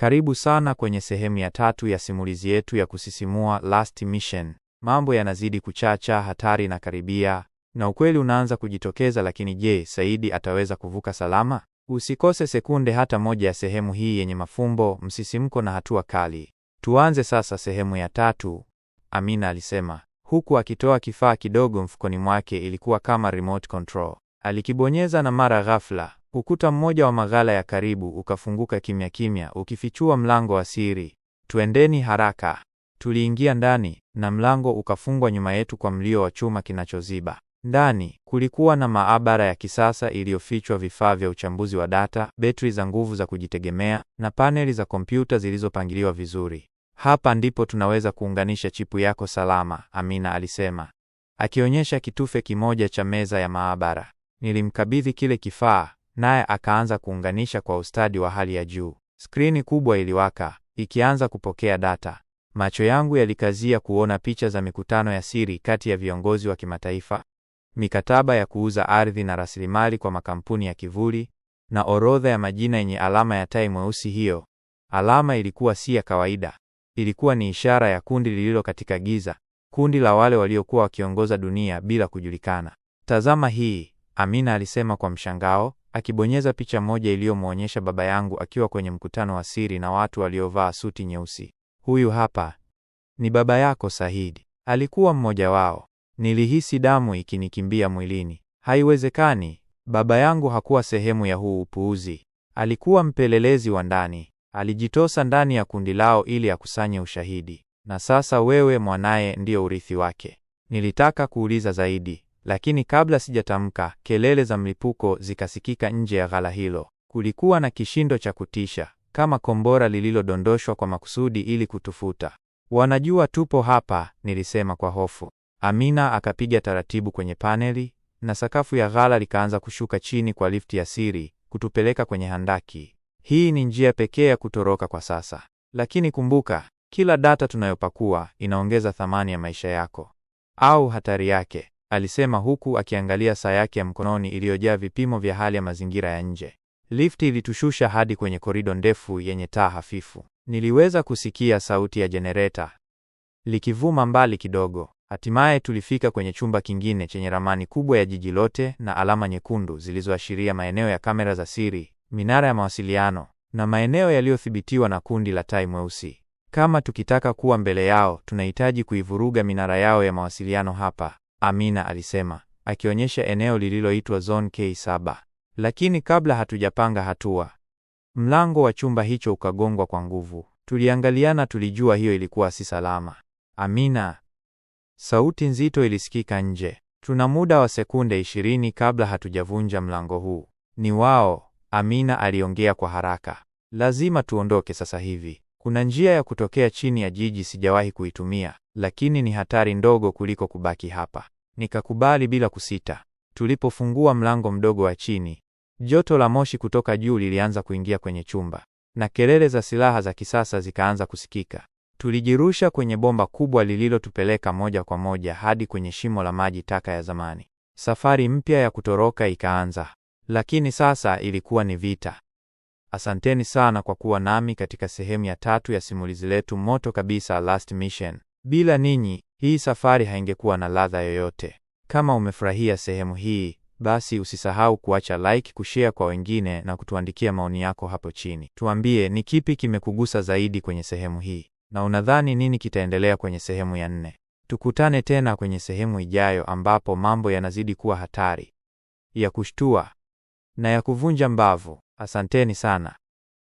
Karibu sana kwenye sehemu ya tatu ya simulizi yetu ya kusisimua Last Mission. Mambo yanazidi kuchacha, hatari na karibia na ukweli unaanza kujitokeza, lakini je, Saidi ataweza kuvuka salama? Usikose sekunde hata moja ya sehemu hii yenye mafumbo, msisimko na hatua kali. Tuanze sasa sehemu ya tatu, Amina alisema huku akitoa kifaa kidogo mfukoni mwake. Ilikuwa kama remote control. Alikibonyeza na mara ghafla Ukuta mmoja wa maghala ya karibu ukafunguka kimya kimya, ukifichua mlango wa siri. Twendeni haraka. Tuliingia ndani na mlango ukafungwa nyuma yetu kwa mlio wa chuma kinachoziba. Ndani kulikuwa na maabara ya kisasa iliyofichwa vifaa vya uchambuzi wa data, betri za nguvu za kujitegemea na paneli za kompyuta zilizopangiliwa vizuri. Hapa ndipo tunaweza kuunganisha chipu yako salama, Amina alisema, akionyesha kitufe kimoja cha meza ya maabara. Nilimkabidhi kile kifaa naye akaanza kuunganisha kwa ustadi wa hali ya juu. Skrini kubwa iliwaka ikianza kupokea data. Macho yangu yalikazia kuona picha za mikutano ya siri kati ya viongozi wa kimataifa, mikataba ya kuuza ardhi na rasilimali kwa makampuni ya kivuli, na orodha ya majina yenye alama ya tai mweusi. Hiyo alama ilikuwa si ya kawaida, ilikuwa ni ishara ya kundi lililo katika giza, kundi la wale waliokuwa wakiongoza dunia bila kujulikana. Tazama hii, Amina alisema kwa mshangao, akibonyeza picha moja iliyomwonyesha baba yangu akiwa kwenye mkutano wa siri na watu waliovaa suti nyeusi. Huyu hapa ni baba yako Sahidi, alikuwa mmoja wao. Nilihisi damu ikinikimbia mwilini. Haiwezekani, baba yangu hakuwa sehemu ya huu upuuzi. Alikuwa mpelelezi wa ndani, alijitosa ndani ya kundi lao ili akusanye ushahidi, na sasa wewe mwanaye ndiyo urithi wake. Nilitaka kuuliza zaidi, lakini kabla sijatamka, kelele za mlipuko zikasikika nje ya ghala hilo. Kulikuwa na kishindo cha kutisha, kama kombora lililodondoshwa kwa makusudi ili kutufuta. Wanajua tupo hapa, nilisema kwa hofu. Amina akapiga taratibu kwenye paneli na sakafu ya ghala likaanza kushuka chini kwa lifti ya siri kutupeleka kwenye handaki. Hii ni njia pekee ya kutoroka kwa sasa, lakini kumbuka, kila data tunayopakua inaongeza thamani ya maisha yako au hatari yake alisema huku akiangalia saa yake ya mkononi iliyojaa vipimo vya hali ya mazingira ya nje. Lifti ilitushusha hadi kwenye korido ndefu yenye taa hafifu. Niliweza kusikia sauti ya jenereta likivuma mbali kidogo. Hatimaye tulifika kwenye chumba kingine chenye ramani kubwa ya jiji lote na alama nyekundu zilizoashiria maeneo ya kamera za siri, minara ya mawasiliano na maeneo yaliyothibitiwa na kundi la tai mweusi. Kama tukitaka kuwa mbele yao, tunahitaji kuivuruga minara yao ya mawasiliano hapa. Amina alisema, akionyesha eneo lililoitwa Zone K7. Lakini kabla hatujapanga hatua, mlango wa chumba hicho ukagongwa kwa nguvu. Tuliangaliana, tulijua hiyo ilikuwa si salama. Amina, sauti nzito ilisikika nje. Tuna muda wa sekunde ishirini kabla hatujavunja mlango huu. Ni wao, Amina aliongea kwa haraka. Lazima tuondoke sasa hivi. Kuna njia ya kutokea chini ya jiji, sijawahi kuitumia lakini ni hatari ndogo kuliko kubaki hapa. Nikakubali bila kusita. Tulipofungua mlango mdogo wa chini, joto la moshi kutoka juu lilianza kuingia kwenye chumba na kelele za silaha za kisasa zikaanza kusikika. Tulijirusha kwenye bomba kubwa lililotupeleka moja kwa moja hadi kwenye shimo la maji taka ya zamani. Safari mpya ya kutoroka ikaanza, lakini sasa ilikuwa ni vita. Asanteni sana kwa kuwa nami katika sehemu ya tatu ya simulizi letu moto kabisa Last Mission. Bila ninyi, hii safari haingekuwa na ladha yoyote. Kama umefurahia sehemu hii, basi usisahau kuacha like, kushare kwa wengine na kutuandikia maoni yako hapo chini. Tuambie ni kipi kimekugusa zaidi kwenye sehemu hii na unadhani nini kitaendelea kwenye sehemu ya nne. Tukutane tena kwenye sehemu ijayo ambapo mambo yanazidi kuwa hatari, ya kushtua na ya kuvunja mbavu. Asanteni sana.